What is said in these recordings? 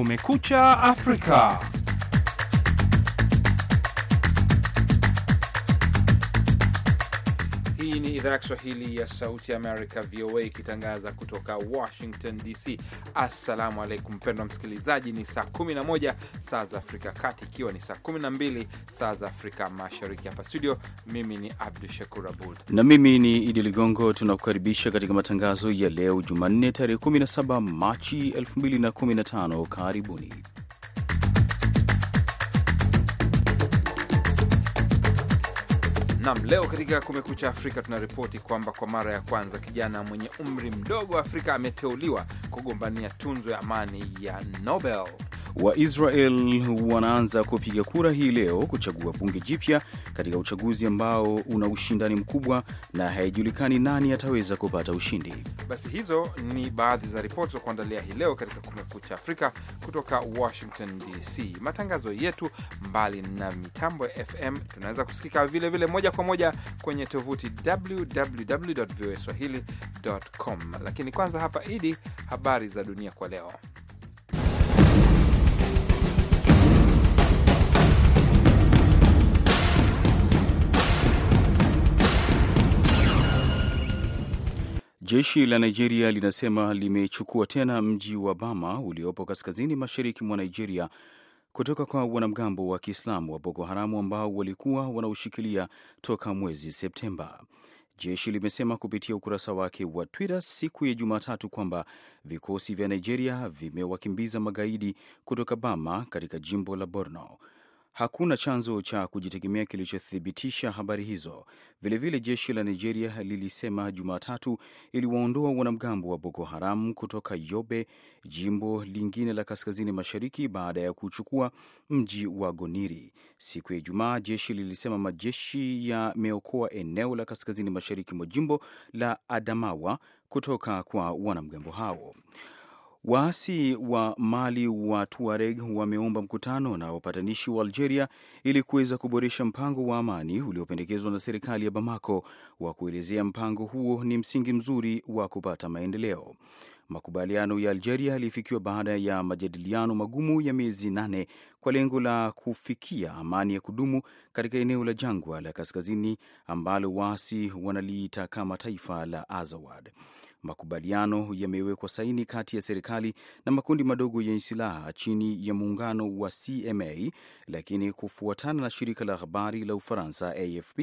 Kumekucha Afrika. Hii ni idhaa ya Kiswahili ya Sauti ya Amerika, VOA, ikitangaza kutoka Washington DC. Assalamu alaikum mpendwa msikilizaji, ni saa 11 saa za Afrika Kati, ikiwa ni saa 12 saa za Afrika Mashariki. Hapa studio, mimi ni Abdu Shakur Abud na mimi ni Idi Ligongo. Tunakukaribisha katika matangazo ya leo Jumanne, tarehe 17 Machi 2015. Karibuni. Nam, leo katika Kumekucha Afrika tunaripoti kwamba kwa mara ya kwanza kijana mwenye umri mdogo wa Afrika ameteuliwa kugombania tunzo ya amani ya Nobel. Waisrael wanaanza kupiga kura hii leo kuchagua bunge jipya katika uchaguzi ambao una ushindani mkubwa na haijulikani nani ataweza kupata ushindi. Basi hizo ni baadhi za ripoti za kuandalia hii leo katika Kumekucha Afrika kutoka Washington DC. Matangazo yetu mbali na mitambo ya FM tunaweza kusikika vilevile vile moja kwa moja kwenye tovuti www voa swahili com, lakini kwanza hapa Idi, habari za dunia kwa leo. Jeshi la Nigeria linasema limechukua tena mji wa Bama uliopo kaskazini mashariki mwa Nigeria kutoka kwa wanamgambo wa Kiislamu wa Boko Haramu ambao walikuwa wanaoshikilia toka mwezi Septemba. Jeshi limesema kupitia ukurasa wake wa Twitter siku ya Jumatatu kwamba vikosi vya Nigeria vimewakimbiza magaidi kutoka Bama katika jimbo la Borno. Hakuna chanzo cha kujitegemea kilichothibitisha habari hizo. Vilevile vile jeshi la Nigeria lilisema Jumatatu iliwaondoa wanamgambo wa Boko Haram kutoka Yobe, jimbo lingine la kaskazini mashariki, baada ya kuchukua mji wa Goniri. Siku ya Ijumaa, jeshi lilisema majeshi yameokoa eneo la kaskazini mashariki mwa jimbo la Adamawa kutoka kwa wanamgambo hao. Waasi wa Mali wa Tuareg wameomba mkutano na wapatanishi wa Algeria ili kuweza kuboresha mpango wa amani uliopendekezwa na serikali ya Bamako wa kuelezea mpango huo ni msingi mzuri wa kupata maendeleo. Makubaliano ya Algeria yalifikiwa baada ya majadiliano magumu ya miezi nane kwa lengo la kufikia amani ya kudumu katika eneo la jangwa la kaskazini ambalo waasi wanaliita kama taifa la Azawad. Makubaliano yamewekwa saini kati ya serikali na makundi madogo yenye silaha chini ya muungano wa CMA, lakini kufuatana na shirika la habari la Ufaransa AFP,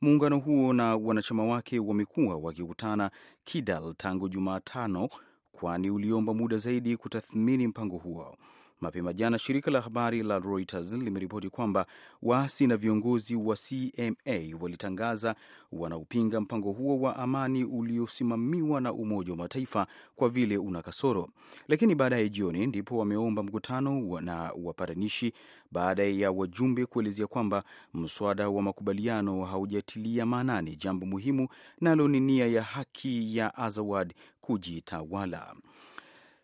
muungano huo na wanachama wake wamekuwa wakikutana Kidal tangu Jumatano, kwani uliomba muda zaidi kutathmini mpango huo. Mapema jana shirika la habari la Reuters limeripoti kwamba waasi na viongozi wa CMA walitangaza wanaopinga mpango huo wa amani uliosimamiwa na Umoja wa Mataifa kwa vile una kasoro, lakini baadaye jioni ndipo wameomba mkutano na wapatanishi baada ya wajumbe kuelezea kwamba mswada wa makubaliano haujatilia maanani jambo muhimu, nalo ni nia ya haki ya Azawad kujitawala.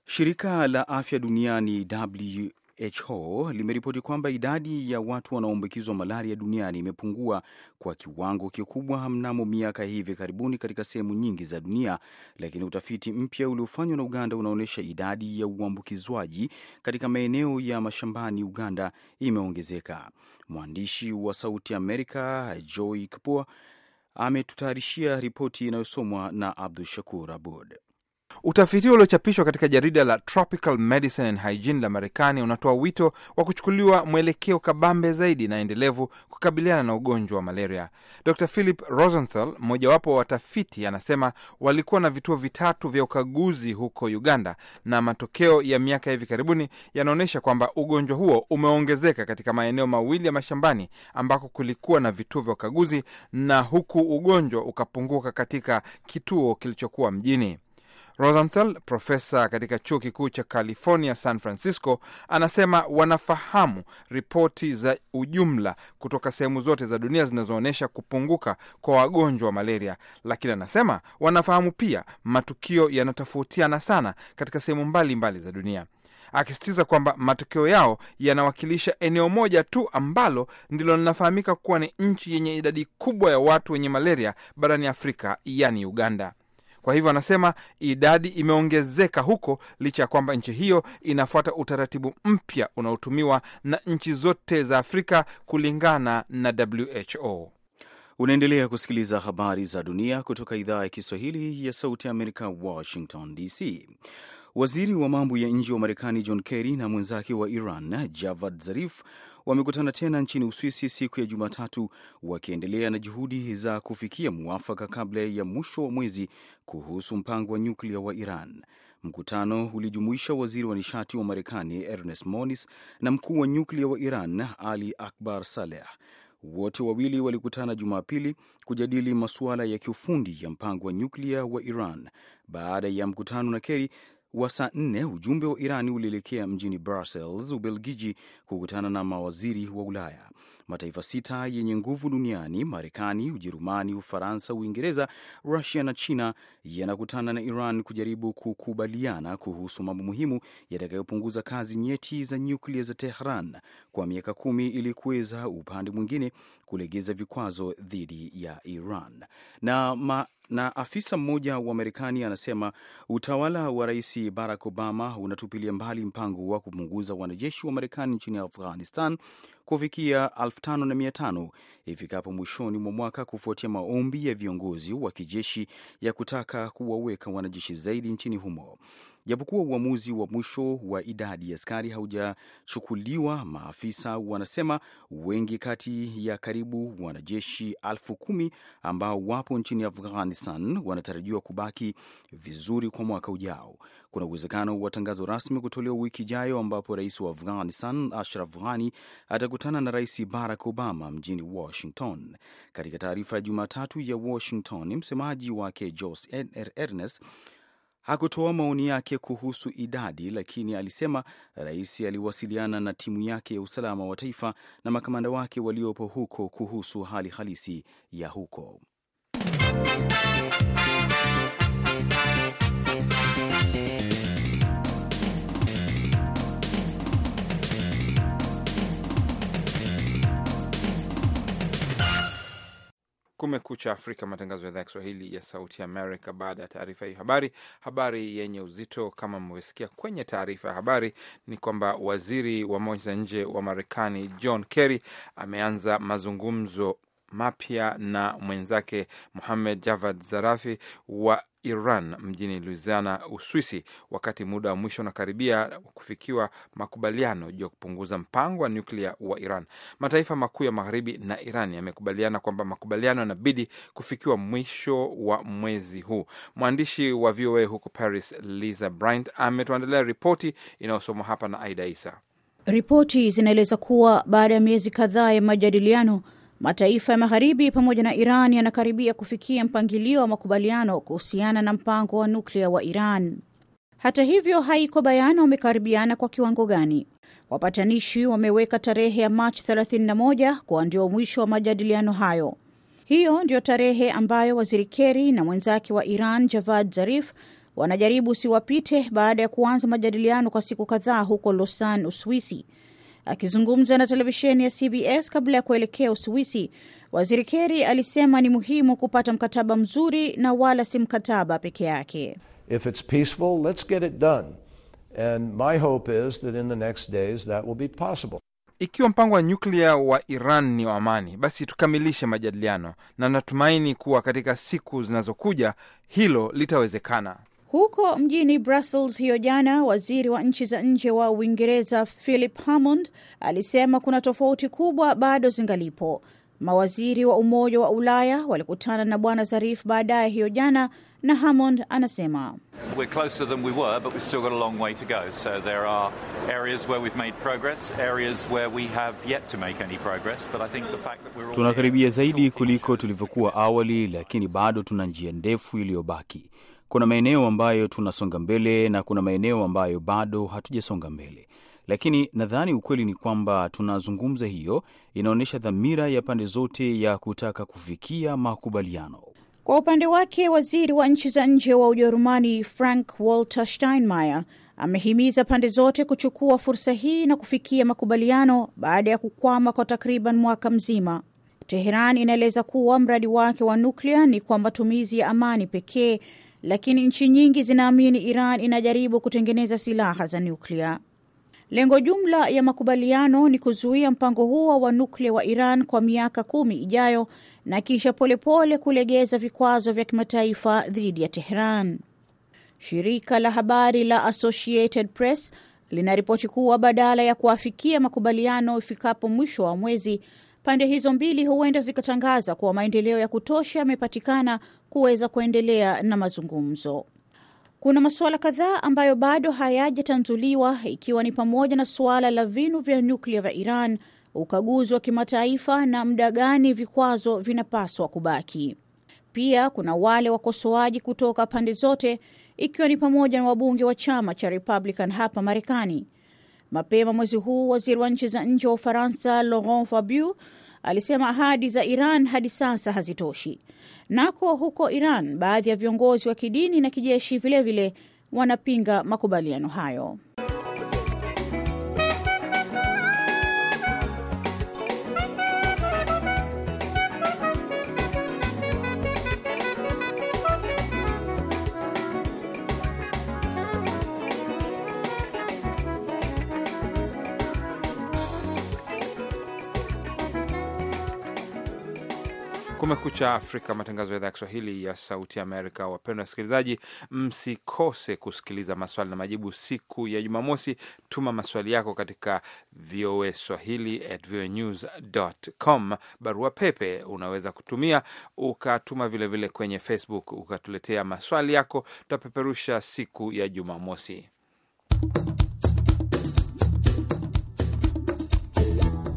Shirika la afya duniani WHO limeripoti kwamba idadi ya watu wanaoambukizwa malaria duniani imepungua kwa kiwango kikubwa mnamo miaka hivi karibuni katika sehemu nyingi za dunia, lakini utafiti mpya uliofanywa na Uganda unaonyesha idadi ya uambukizwaji katika maeneo ya mashambani Uganda imeongezeka. Mwandishi wa Sauti Amerika Joy kpo ametutayarishia ripoti inayosomwa na Abdu Shakur Abud. Utafiti huo uliochapishwa katika jarida la Tropical Medicine and Hygiene la Marekani unatoa wito wa kuchukuliwa mwelekeo kabambe zaidi na endelevu kukabiliana na ugonjwa wa malaria. Dr Philip Rosenthal, mmojawapo wa watafiti, anasema walikuwa na vituo vitatu vya ukaguzi huko Uganda, na matokeo ya miaka hivi karibuni yanaonyesha kwamba ugonjwa huo umeongezeka katika maeneo mawili ya mashambani ambako kulikuwa na vituo vya ukaguzi, na huku ugonjwa ukapunguka katika kituo kilichokuwa mjini. Rosenthal, profesa katika chuo kikuu cha California San Francisco, anasema wanafahamu ripoti za ujumla kutoka sehemu zote za dunia zinazoonyesha kupunguka kwa wagonjwa wa malaria, lakini anasema wanafahamu pia matukio yanatofautiana sana katika sehemu mbalimbali za dunia, akisisitiza kwamba matokeo yao yanawakilisha eneo moja tu ambalo ndilo linafahamika kuwa ni nchi yenye idadi kubwa ya watu wenye malaria barani Afrika, yani Uganda. Kwa hivyo anasema idadi imeongezeka huko licha ya kwamba nchi hiyo inafuata utaratibu mpya unaotumiwa na nchi zote za Afrika kulingana na WHO. Unaendelea kusikiliza habari za dunia kutoka idhaa ya Kiswahili ya Sauti ya Amerika, Washington DC. Waziri wa mambo ya nje wa Marekani John Kerry na mwenzake wa Iran Javad Zarif wamekutana tena nchini Uswisi siku ya Jumatatu, wakiendelea na juhudi za kufikia muafaka kabla ya mwisho wa mwezi kuhusu mpango wa nyuklia wa Iran. Mkutano ulijumuisha waziri wa nishati wa Marekani Ernest Moniz na mkuu wa nyuklia wa Iran Ali Akbar Saleh. Wote wawili walikutana Jumapili kujadili masuala ya kiufundi ya mpango wa nyuklia wa Iran. Baada ya mkutano na Keri, wa saa nne ujumbe wa Irani ulielekea mjini Brussels, Ubelgiji, kukutana na mawaziri wa Ulaya. Mataifa sita yenye nguvu duniani, Marekani, Ujerumani, Ufaransa, Uingereza, Rusia na China yanakutana na Iran kujaribu kukubaliana kuhusu mambo muhimu yatakayopunguza kazi nyeti za nyuklia za Tehran kwa miaka kumi ili kuweza upande mwingine kulegeza vikwazo dhidi ya Iran na ma na afisa mmoja wa Marekani anasema utawala wa Rais Barack Obama unatupilia mbali mpango wa kupunguza wanajeshi wa Marekani nchini Afghanistan kufikia 5500 ifikapo mwishoni mwa mwaka kufuatia maombi ya viongozi wa kijeshi ya kutaka kuwaweka wanajeshi zaidi nchini humo. Japokuwa uamuzi wa mwisho wa idadi ya askari haujachukuliwa, maafisa wanasema wengi kati ya karibu wanajeshi elfu kumi ambao wapo nchini Afghanistan wanatarajiwa kubaki vizuri kwa mwaka ujao. Kuna uwezekano wa tangazo rasmi kutolewa wiki ijayo, ambapo rais wa Afghanistan Ashraf Ghani atakutana na rais Barack Obama mjini Washington. Katika taarifa ya Jumatatu ya Washington, msemaji wake Josh ernest Hakutoa maoni yake kuhusu idadi, lakini alisema rais aliwasiliana na timu yake ya usalama wa taifa na makamanda wake waliopo huko kuhusu hali halisi ya huko. Kumekucha Afrika, matangazo ya idhaa ya Kiswahili ya Sauti Amerika. Baada ya taarifa hii habari, habari yenye uzito kama mmevyosikia kwenye taarifa ya habari ni kwamba waziri wa mambo ya nje wa Marekani John Kerry ameanza mazungumzo mapya na mwenzake Muhamed Javad Zarafi wa Iran mjini Louisiana, Uswisi, wakati muda wa mwisho unakaribia kufikiwa makubaliano juu ya kupunguza mpango wa nyuklia wa Iran. Mataifa makuu ya Magharibi na Iran yamekubaliana kwamba makubaliano yanabidi kufikiwa mwisho wa mwezi huu. Mwandishi wa VOA huko Paris, Lisa Bryant, ametuandalia ripoti inayosomwa hapa na Aida Isa. Ripoti zinaeleza kuwa baada ya miezi kadhaa ya majadiliano Mataifa ya Magharibi pamoja na Iran yanakaribia kufikia mpangilio wa makubaliano kuhusiana na mpango wa nuklia wa Iran. Hata hivyo, haiko bayana wamekaribiana kwa kiwango gani. Wapatanishi wameweka tarehe ya Machi 31 kuwa ndio mwisho wa majadiliano hayo. Hiyo ndiyo tarehe ambayo waziri Keri na mwenzake wa Iran Javad Zarif wanajaribu siwapite baada ya kuanza majadiliano kwa siku kadhaa huko Lausanne, Uswisi. Akizungumza na televisheni ya CBS kabla ya kuelekea Uswisi, waziri Kerry alisema ni muhimu kupata mkataba mzuri na wala si mkataba peke yake. If it's peaceful, let's get it done. And my hope is that in the next days that will be possible. Ikiwa mpango wa nyuklia wa Iran ni wa amani, basi tukamilishe majadiliano na natumaini kuwa katika siku zinazokuja hilo litawezekana. Huko mjini Brussels hiyo jana, waziri wa nchi za nje wa Uingereza Philip Hammond alisema kuna tofauti kubwa bado zingalipo. Mawaziri wa Umoja wa Ulaya walikutana na Bwana Zarif baadaye hiyo jana na Hammond anasema tunakaribia zaidi kuliko tulivyokuwa awali, lakini bado tuna njia ndefu iliyobaki kuna maeneo ambayo tunasonga mbele na kuna maeneo ambayo bado hatujasonga mbele, lakini nadhani ukweli ni kwamba tunazungumza, hiyo inaonyesha dhamira ya pande zote ya kutaka kufikia makubaliano. Kwa upande wake, waziri wa nchi za nje wa Ujerumani Frank Walter Steinmeier amehimiza pande zote kuchukua fursa hii na kufikia makubaliano baada ya kukwama kwa takriban mwaka mzima. Teheran inaeleza kuwa mradi wake wa nuklia ni kwa matumizi ya amani pekee lakini nchi nyingi zinaamini Iran inajaribu kutengeneza silaha za nyuklia. Lengo jumla ya makubaliano ni kuzuia mpango huo wa nuklia wa Iran kwa miaka kumi ijayo na kisha polepole kulegeza vikwazo vya kimataifa dhidi ya Tehran. Shirika la habari la Associated Press linaripoti kuwa badala ya kuafikia makubaliano ifikapo mwisho wa mwezi, Pande hizo mbili huenda zikatangaza kuwa maendeleo ya kutosha yamepatikana kuweza kuendelea na mazungumzo. Kuna masuala kadhaa ambayo bado hayajatanzuliwa ikiwa ni pamoja na suala la vinu vya nyuklia vya Iran, ukaguzi wa kimataifa na muda gani vikwazo vinapaswa kubaki. Pia kuna wale wakosoaji kutoka pande zote ikiwa ni pamoja na wabunge wa chama cha Republican hapa Marekani Mapema mwezi huu waziri wa nchi za nje wa Ufaransa Laurent Fabius alisema ahadi za Iran hadi sasa hazitoshi. Nako huko Iran, baadhi ya viongozi wa kidini na kijeshi vilevile vile wanapinga makubaliano hayo. Kumekucha Afrika, matangazo ya idhaa ya Kiswahili ya Sauti Amerika. Wapendwa wasikilizaji, msikose kusikiliza maswali na majibu siku ya Jumamosi. Tuma maswali yako katika VOA Swahili at voanews.com. Barua pepe unaweza kutumia ukatuma vilevile vile kwenye Facebook, ukatuletea maswali yako, tutapeperusha siku ya Jumamosi.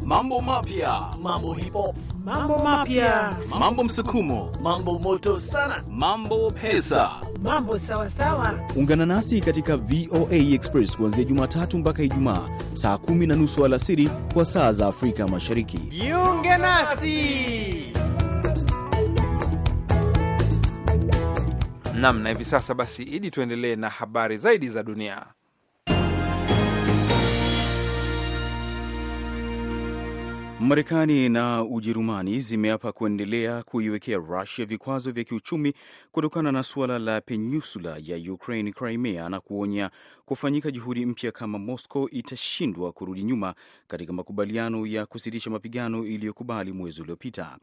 Mambo mapya, mambo hip hop mambo mapya, mambo msukumo, mambo moto sana, mambo pesa, mambo sawasawa. Ungana nasi katika VOA Express kuanzia Jumatatu mpaka Ijumaa saa kumi na nusu alasiri kwa saa za Afrika Mashariki. Jiunge nasi. Nam na hivi sasa basi, ili tuendelee na habari zaidi za dunia. Marekani na Ujerumani zimeapa kuendelea kuiwekea Rusia vikwazo vya kiuchumi kutokana na suala la peninsula ya Ukraine, Crimea, na kuonya kufanyika juhudi mpya kama Moscow itashindwa kurudi nyuma katika makubaliano ya kusitisha mapigano iliyokubali mwezi uliopita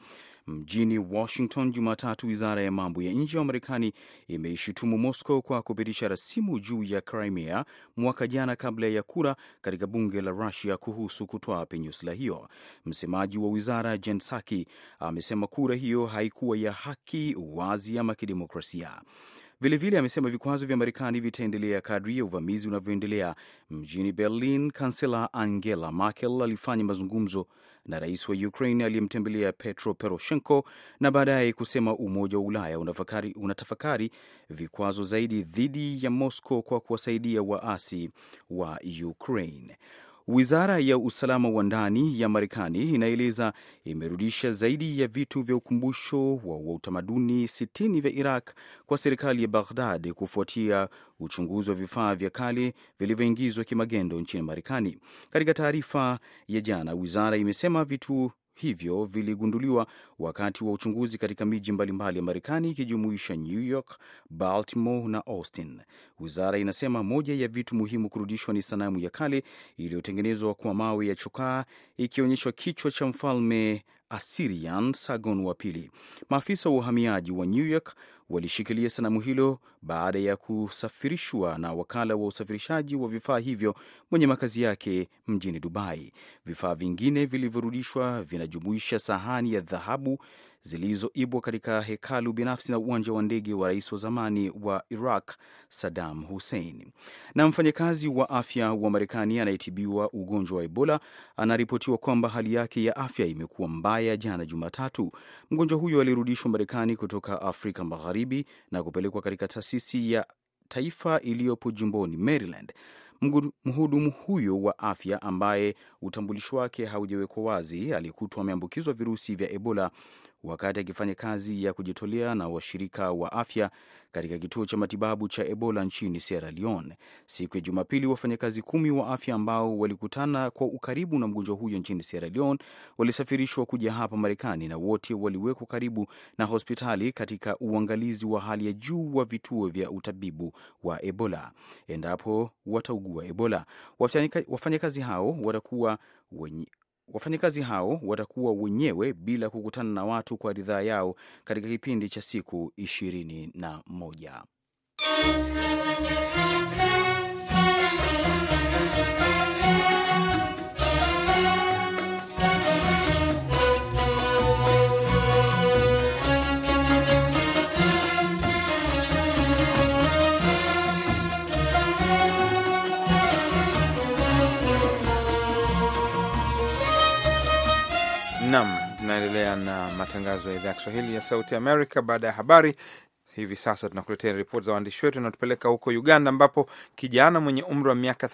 mjini Washington Jumatatu, wizara ya mambo ya nje wa Marekani imeishutumu Moscow kwa kupitisha rasimu juu ya Crimea mwaka jana kabla ya kura katika bunge la Rusia kuhusu kutoa peninsula hiyo. Msemaji wa wizara Jen Psaki amesema kura hiyo haikuwa ya haki, wazi ama kidemokrasia. Vilevile amesema vikwazo vya Marekani vitaendelea kadri ya uvamizi unavyoendelea mjini Berlin. Kansela Angela Merkel alifanya mazungumzo na rais wa Ukraine aliyemtembelea Petro Poroshenko na baadaye kusema Umoja wa Ulaya unatafakari, unatafakari vikwazo zaidi dhidi ya Moscow kwa kuwasaidia waasi wa Ukraine. Wizara ya usalama wa ndani ya Marekani inaeleza imerudisha zaidi ya vitu vya ukumbusho wa utamaduni 60 vya Iraq kwa serikali ya Baghdad kufuatia uchunguzi wa vifaa vya kale vilivyoingizwa kimagendo nchini Marekani. Katika taarifa ya jana, wizara imesema vitu hivyo viligunduliwa wakati wa uchunguzi katika miji mbalimbali ya Marekani ikijumuisha New York, Baltimore na Austin. Wizara inasema moja ya vitu muhimu kurudishwa ni sanamu ya kale iliyotengenezwa kwa mawe ya chokaa ikionyeshwa kichwa cha mfalme Assyrian Sargon wa pili. Maafisa wa uhamiaji wa New York walishikilia sanamu hilo baada ya kusafirishwa na wakala wa usafirishaji wa vifaa hivyo mwenye makazi yake mjini Dubai. Vifaa vingine vilivyorudishwa vinajumuisha sahani ya dhahabu zilizoibwa katika hekalu binafsi na uwanja wa ndege wa rais wa zamani wa Iraq Saddam Hussein. Na mfanyakazi wa afya wa Marekani anayetibiwa ugonjwa wa Ebola anaripotiwa kwamba hali yake ya afya imekuwa mbaya jana Jumatatu. Mgonjwa huyo alirudishwa Marekani kutoka Afrika Magharibi na kupelekwa katika taasisi ya taifa iliyopo jimboni Maryland. Mhudumu huyo wa afya ambaye utambulisho wake haujawekwa wazi alikutwa ameambukizwa virusi vya Ebola wakati akifanya kazi ya kujitolea na washirika wa afya katika kituo cha matibabu cha Ebola nchini Sierra Leone. Siku ya Jumapili, wafanyakazi kumi wa afya ambao walikutana kwa ukaribu na mgonjwa huyo nchini Sierra Leone walisafirishwa kuja hapa Marekani na wote waliwekwa karibu na hospitali katika uangalizi wa hali ya juu wa vituo vya utabibu wa Ebola. Endapo wataugua Ebola, wafanyakazi hao watakuwa wenye wafanyakazi hao watakuwa wenyewe bila kukutana na watu kwa ridhaa yao katika kipindi cha siku ishirini na moja. Nam, tunaendelea na matangazo ya idhaa ya Kiswahili ya Sauti Amerika. Baada ya habari hivi sasa, tunakuletea ripoti za waandishi wetu, inaotupeleka huko Uganda ambapo kijana mwenye umri wa miaka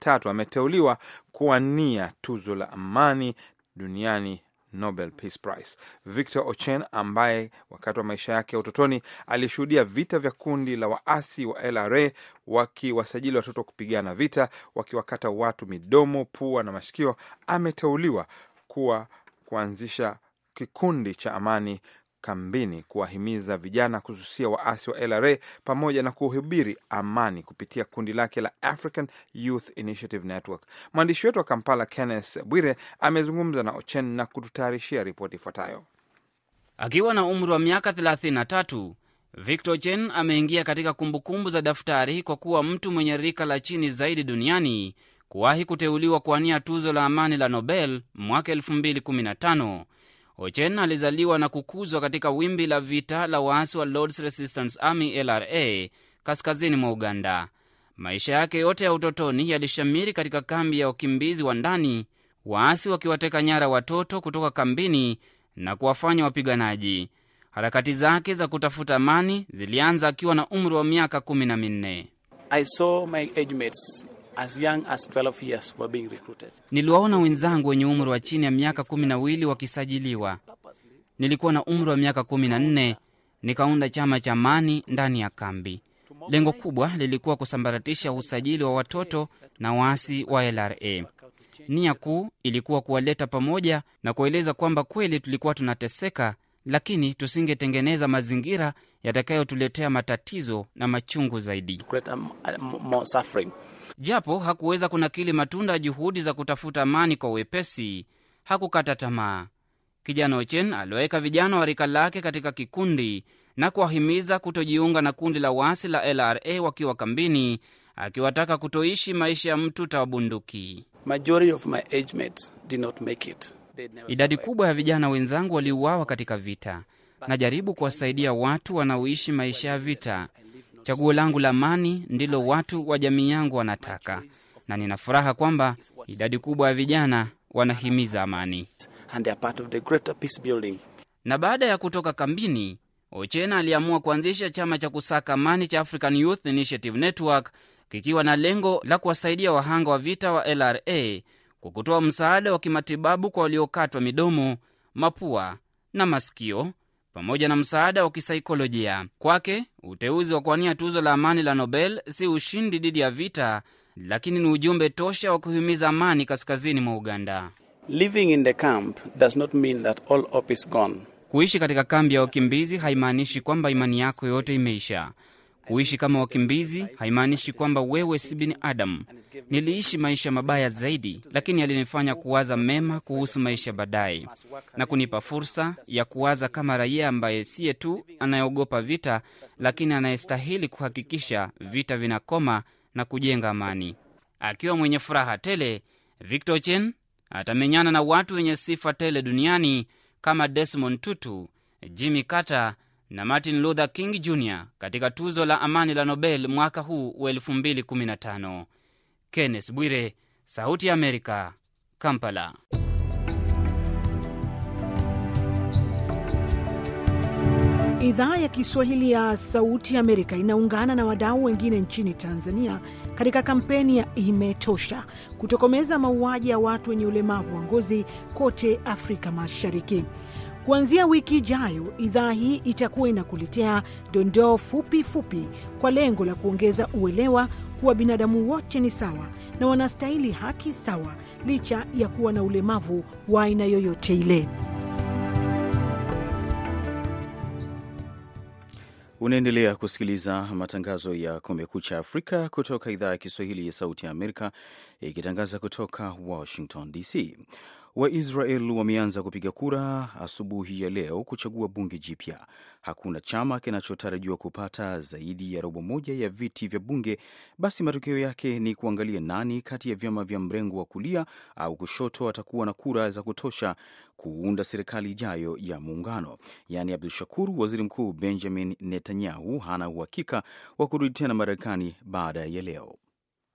tatu ameteuliwa kuwania tuzo la amani duniani Nobel Peace Prize. Victor Ochen ambaye wakati wa maisha yake ya utotoni alishuhudia vita vya kundi la waasi wa LRA wakiwasajili watoto kupigana vita, wakiwakata watu midomo, pua na mashikio, ameteuliwa kuwa kuanzisha kikundi cha amani kambini kuwahimiza vijana kususia waasi wa LRA pamoja na kuhubiri amani kupitia kundi lake la African Youth Initiative Network. Mwandishi wetu wa Kampala, Kenneth Bwire, amezungumza na Ochen na kututayarishia ripoti ifuatayo. Akiwa na umri wa miaka 33, Victor chen ameingia katika kumbukumbu za daftari kwa kuwa mtu mwenye rika la chini zaidi duniani kuwahi kuteuliwa kuwania tuzo la amani la Nobel mwaka 2015. Ochen alizaliwa na kukuzwa katika wimbi la vita la waasi wa Lords Resistance Army LRA kaskazini mwa Uganda. Maisha yake yote ya utotoni yalishamiri katika kambi ya wakimbizi wa ndani, waasi wakiwateka nyara watoto kutoka kambini na kuwafanya wapiganaji. Harakati zake za kutafuta amani zilianza akiwa na umri wa miaka kumi na minne. I saw my age mates as young as 12 years were being recruited. Niliwaona wenzangu wenye umri wa chini ya miaka kumi na wili wakisajiliwa. Nilikuwa na umri wa miaka kumi na nne nikaunda chama cha amani ndani ya kambi. Lengo kubwa lilikuwa kusambaratisha usajili wa watoto na waasi wa LRA. Nia kuu ilikuwa kuwaleta pamoja na kueleza kwamba kweli tulikuwa tunateseka, lakini tusingetengeneza mazingira yatakayotuletea matatizo na machungu zaidi. Japo hakuweza kunakili matunda ya juhudi za kutafuta amani kwa wepesi, hakukata tamaa. Kijana Ochen aliwaweka vijana wa rika lake katika kikundi na kuwahimiza kutojiunga na kundi la wasi la LRA wakiwa kambini, akiwataka kutoishi maisha ya mtuta wa bunduki. Idadi kubwa ya vijana wenzangu waliuawa katika vita. Najaribu kuwasaidia watu wanaoishi maisha ya vita. Chaguo langu la amani ndilo watu wa jamii yangu wanataka, na nina furaha kwamba idadi kubwa ya vijana wanahimiza amani. Na baada ya kutoka kambini, Ochena aliamua kuanzisha chama cha kusaka amani cha African Youth Initiative Network kikiwa na lengo la kuwasaidia wahanga wa vita wa LRA kwa kutoa msaada wa kimatibabu kwa waliokatwa midomo, mapua na masikio pamoja na msaada wa kisaikolojia. Kwake uteuzi wa kuwania tuzo la amani la Nobel si ushindi dhidi ya vita, lakini ni ujumbe tosha wa kuhimiza amani kaskazini mwa Uganda. Living in the camp does not mean that all hope is gone. Kuishi katika kambi ya wakimbizi haimaanishi kwamba imani yako yote imeisha. Kuishi kama wakimbizi haimaanishi kwamba wewe si binadamu. Niliishi maisha mabaya zaidi, lakini alinifanya kuwaza mema kuhusu maisha baadaye na kunipa fursa ya kuwaza kama raia ambaye siye tu anayeogopa vita, lakini anayestahili kuhakikisha vita vinakoma na kujenga amani. Akiwa mwenye furaha tele, Victor Chen atamenyana na watu wenye sifa tele duniani kama Desmond Tutu, Jimmy Carter na Martin Luther King Jr katika tuzo la amani la Nobel mwaka huu wa 2015. Kenneth Bwire, Sauti ya Amerika, Kampala. Idhaa ya Kiswahili ya Sauti ya Amerika inaungana na wadau wengine nchini Tanzania katika kampeni ya Imetosha kutokomeza mauaji ya watu wenye ulemavu wa ngozi kote Afrika Mashariki. Kuanzia wiki ijayo, idhaa hii itakuwa inakuletea dondoo fupi fupi kwa lengo la kuongeza uelewa kuwa binadamu wote ni sawa na wanastahili haki sawa licha ya kuwa na ulemavu wa aina yoyote ile. Unaendelea kusikiliza matangazo ya Kumekucha Afrika kutoka idhaa ya Kiswahili ya Sauti ya Amerika, ikitangaza kutoka Washington DC. Waisrael wameanza kupiga kura asubuhi ya leo kuchagua bunge jipya. Hakuna chama kinachotarajiwa kupata zaidi ya robo moja ya viti vya bunge, basi matokeo yake ni kuangalia nani kati ya vyama vya mrengo wa kulia au kushoto atakuwa na kura za kutosha kuunda serikali ijayo ya muungano. Yaani Abdu Shakur, waziri mkuu Benjamin Netanyahu hana uhakika wa kurudi tena Marekani baada ya leo.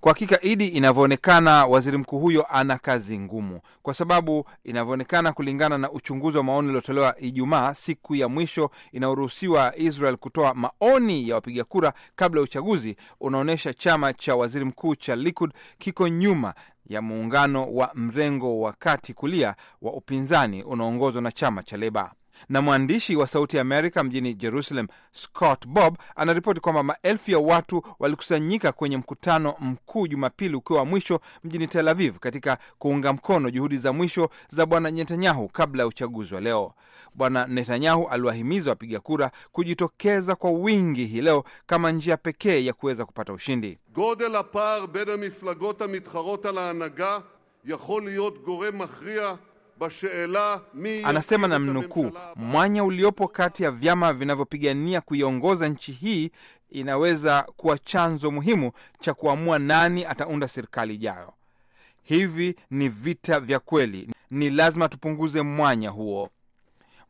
Kwa hakika Idi, inavyoonekana waziri mkuu huyo ana kazi ngumu, kwa sababu inavyoonekana, kulingana na uchunguzi wa maoni uliotolewa Ijumaa, siku ya mwisho inayoruhusiwa Israel kutoa maoni ya wapiga kura kabla ya uchaguzi, unaonyesha chama cha waziri mkuu cha Likud kiko nyuma ya muungano wa mrengo wa kati kulia wa upinzani unaoongozwa na chama cha Leba na mwandishi wa Sauti ya Amerika mjini Jerusalem, Scott Bob anaripoti kwamba maelfu ya watu walikusanyika kwenye mkutano mkuu Jumapili ukiwa wa mwisho mjini Tel Aviv katika kuunga mkono juhudi za mwisho za Bwana Netanyahu kabla ya uchaguzi wa leo. Bwana Netanyahu aliwahimiza wapiga kura kujitokeza kwa wingi hii leo kama njia pekee ya kuweza kupata ushindi. godel apar ben amiflagot amitharot al yahol liot gorem mahria Anasema na mnukuu, mwanya uliopo kati ya vyama vinavyopigania kuiongoza nchi hii inaweza kuwa chanzo muhimu cha kuamua nani ataunda serikali ijayo. Hivi ni vita vya kweli, ni lazima tupunguze mwanya huo.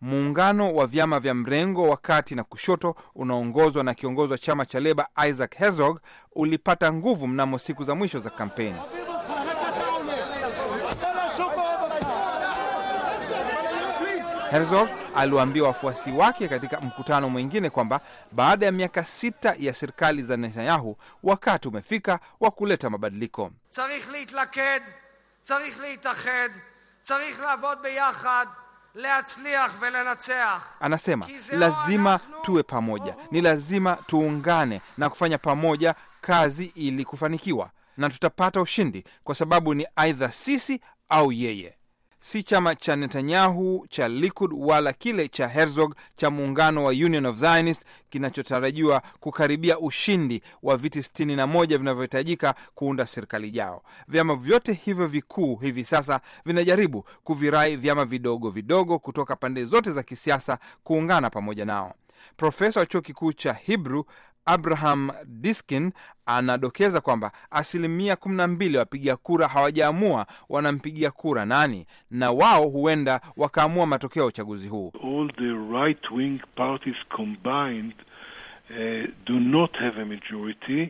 Muungano wa vyama vya mrengo wa kati na kushoto unaongozwa na kiongozi wa chama cha Leba Isaac Herzog ulipata nguvu mnamo siku za mwisho za kampeni. Herzog aliwaambia wafuasi wake katika mkutano mwingine kwamba baada ya miaka sita ya serikali za Netanyahu, wakati umefika wa kuleta mabadiliko. Tsarikh litlaked tsarikh tsarikh lavod biyahad Anasema lazima tuwe pamoja, oh. ni lazima tuungane na kufanya pamoja kazi ili kufanikiwa, na tutapata ushindi, kwa sababu ni aidha sisi au yeye si chama cha Netanyahu cha Likud wala kile cha Herzog cha muungano wa Union of Zionist kinachotarajiwa kukaribia ushindi wa viti 61 vinavyohitajika kuunda serikali jao Vyama vyote hivyo vikuu hivi sasa vinajaribu kuvirai vyama vidogo vidogo kutoka pande zote za kisiasa kuungana pamoja nao. Profesa wa chuo kikuu cha Hebrew Abraham Diskin anadokeza kwamba asilimia kumi na mbili wapiga kura hawajaamua wanampigia kura nani, na wao huenda wakaamua matokeo ya uchaguzi huu. All the right wing parties combined, uh, do not have a majority.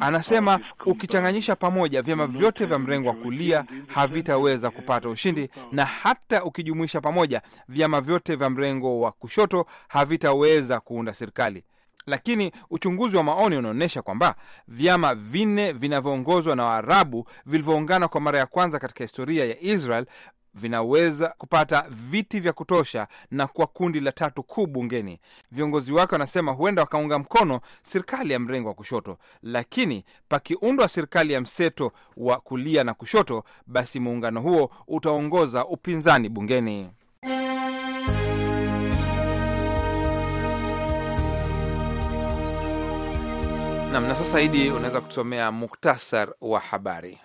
Anasema ukichanganyisha pamoja vyama vyote vya mrengo wa kulia havitaweza kupata ushindi, na hata ukijumuisha pamoja vyama vyote vya mrengo wa kushoto havitaweza kuunda serikali lakini uchunguzi wa maoni unaonyesha kwamba vyama vinne vinavyoongozwa na Waarabu vilivyoungana kwa mara ya kwanza katika historia ya Israel vinaweza kupata viti vya kutosha na kuwa kundi la tatu kuu bungeni. Viongozi wake wanasema huenda wakaunga mkono serikali ya mrengo wa kushoto, lakini pakiundwa serikali ya mseto wa kulia na kushoto, basi muungano huo utaongoza upinzani bungeni. Nam. Na sasa Idi, unaweza kutusomea muktasar wa habari.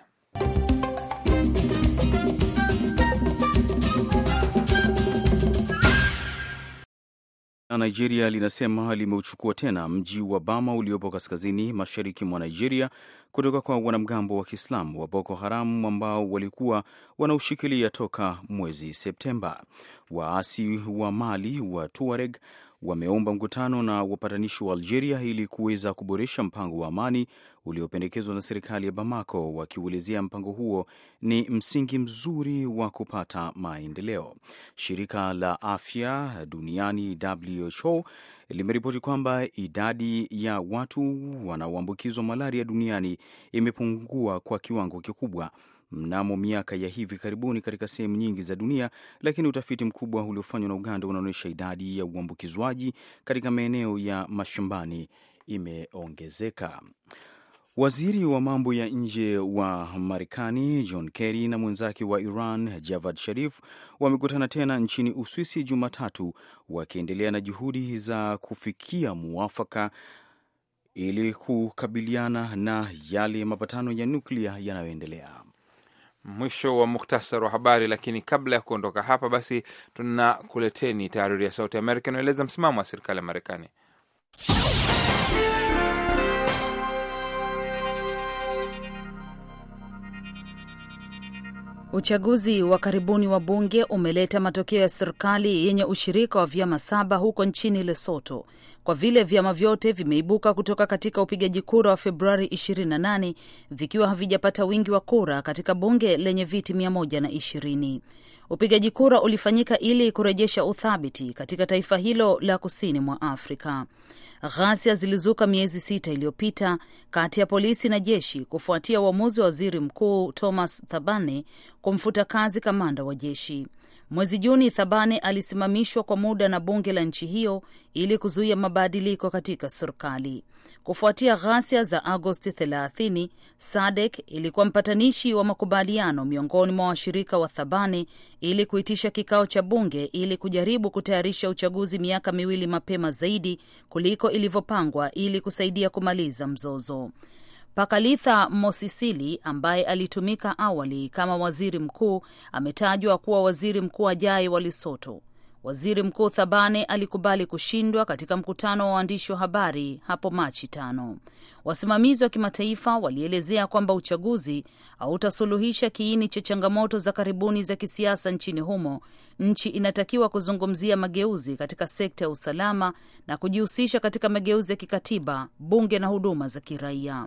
Nigeria linasema limeuchukua tena mji wa Bama uliopo kaskazini mashariki mwa Nigeria kutoka kwa wanamgambo wa Kiislamu wa Boko Haram ambao walikuwa wanaushikilia toka mwezi Septemba. Waasi wa Mali wa Tuareg wameomba mkutano na wapatanishi wa Algeria ili kuweza kuboresha mpango wa amani uliopendekezwa na serikali ya Bamako, wakiuelezea mpango huo ni msingi mzuri wa kupata maendeleo. Shirika la Afya Duniani WHO limeripoti kwamba idadi ya watu wanaoambukizwa malaria duniani imepungua kwa kiwango kikubwa mnamo miaka ya hivi karibuni katika sehemu nyingi za dunia, lakini utafiti mkubwa uliofanywa na Uganda unaonyesha idadi ya uambukizwaji katika maeneo ya mashambani imeongezeka. Waziri wa mambo ya nje wa Marekani John Kerry na mwenzake wa Iran Javad Sharif wamekutana tena nchini Uswisi Jumatatu, wakiendelea na juhudi za kufikia mwafaka ili kukabiliana na yale mapatano ya nuklia yanayoendelea. Mwisho wa muhtasari wa habari. Lakini kabla ya kuondoka hapa, basi tunakuleteni tahariri ya Sauti Amerika inaeleza msimamo wa serikali ya Marekani. Uchaguzi wa karibuni wa bunge umeleta matokeo ya serikali yenye ushirika wa vyama saba huko nchini Lesoto kwa vile vyama vyote vimeibuka kutoka katika upigaji kura wa Februari 28 vikiwa havijapata wingi wa kura katika bunge lenye viti 120. Upigaji kura ulifanyika ili kurejesha uthabiti katika taifa hilo la kusini mwa Afrika. Ghasia zilizuka miezi sita iliyopita kati ya polisi na jeshi kufuatia uamuzi wa waziri mkuu Thomas Thabane kumfuta kazi kamanda wa jeshi. Mwezi Juni, Thabane alisimamishwa kwa muda na bunge la nchi hiyo ili kuzuia mabadiliko katika serikali kufuatia ghasia za Agosti 30. Sadek ilikuwa mpatanishi wa makubaliano miongoni mwa washirika wa Thabane ili kuitisha kikao cha bunge ili kujaribu kutayarisha uchaguzi miaka miwili mapema zaidi kuliko ilivyopangwa ili kusaidia kumaliza mzozo. Pakalitha Mosisili ambaye alitumika awali kama waziri mkuu ametajwa kuwa waziri mkuu ajaye wa Lesotho. Waziri Mkuu Thabane alikubali kushindwa katika mkutano wa waandishi wa habari hapo Machi tano. Wasimamizi wa kimataifa walielezea kwamba uchaguzi hautasuluhisha kiini cha changamoto za karibuni za kisiasa nchini humo nchi inatakiwa kuzungumzia mageuzi katika sekta ya usalama na kujihusisha katika mageuzi ya kikatiba, bunge na huduma za kiraia.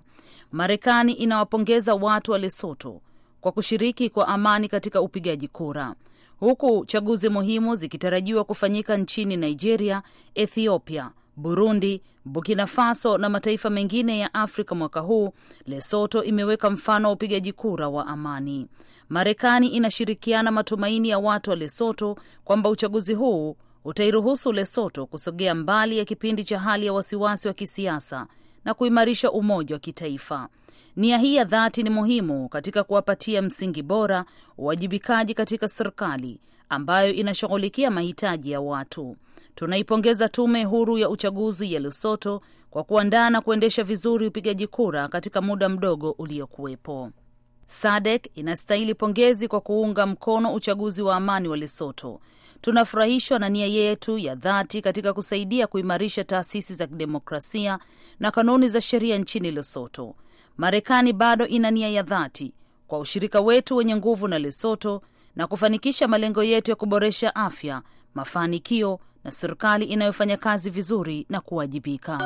Marekani inawapongeza watu wa Lesoto kwa kushiriki kwa amani katika upigaji kura, huku chaguzi muhimu zikitarajiwa kufanyika nchini Nigeria, Ethiopia, Burundi, Burkina Faso na mataifa mengine ya Afrika mwaka huu, Lesoto imeweka mfano wa upigaji kura wa amani. Marekani inashirikiana matumaini ya watu wa Lesoto kwamba uchaguzi huu utairuhusu Lesoto kusogea mbali ya kipindi cha hali ya wasiwasi wa kisiasa na kuimarisha umoja wa kitaifa. Nia hii ya dhati ni muhimu katika kuwapatia msingi bora uwajibikaji katika serikali ambayo inashughulikia mahitaji ya watu. Tunaipongeza Tume Huru ya Uchaguzi ya Lesotho kwa kuandaa na kuendesha vizuri upigaji kura katika muda mdogo uliokuwepo. SADC inastahili pongezi kwa kuunga mkono uchaguzi wa amani wa Lesotho. Tunafurahishwa na nia yetu ya dhati katika kusaidia kuimarisha taasisi za kidemokrasia na kanuni za sheria nchini Lesotho. Marekani bado ina nia ya dhati kwa ushirika wetu wenye nguvu na Lesotho na kufanikisha malengo yetu ya kuboresha afya, mafanikio na serikali inayofanya kazi vizuri na kuwajibika.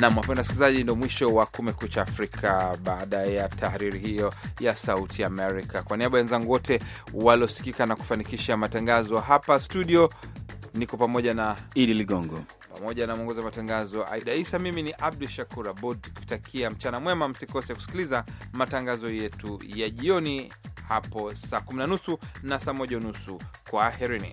Nam, wapenda wasikilizaji, ndio mwisho wa Kumekucha Afrika baada ya tahariri hiyo ya Sauti Amerika. Kwa niaba ya wenzangu wote waliosikika na kufanikisha matangazo hapa studio, niko pamoja na Idi Ligongo pamoja na mwongozi wa matangazo Aida Isa. Mimi ni Abdu Shakur Abud, kutakia mchana mwema. Msikose kusikiliza matangazo yetu ya jioni hapo saa kumi na nusu na saa moja unusu. Kwaherini.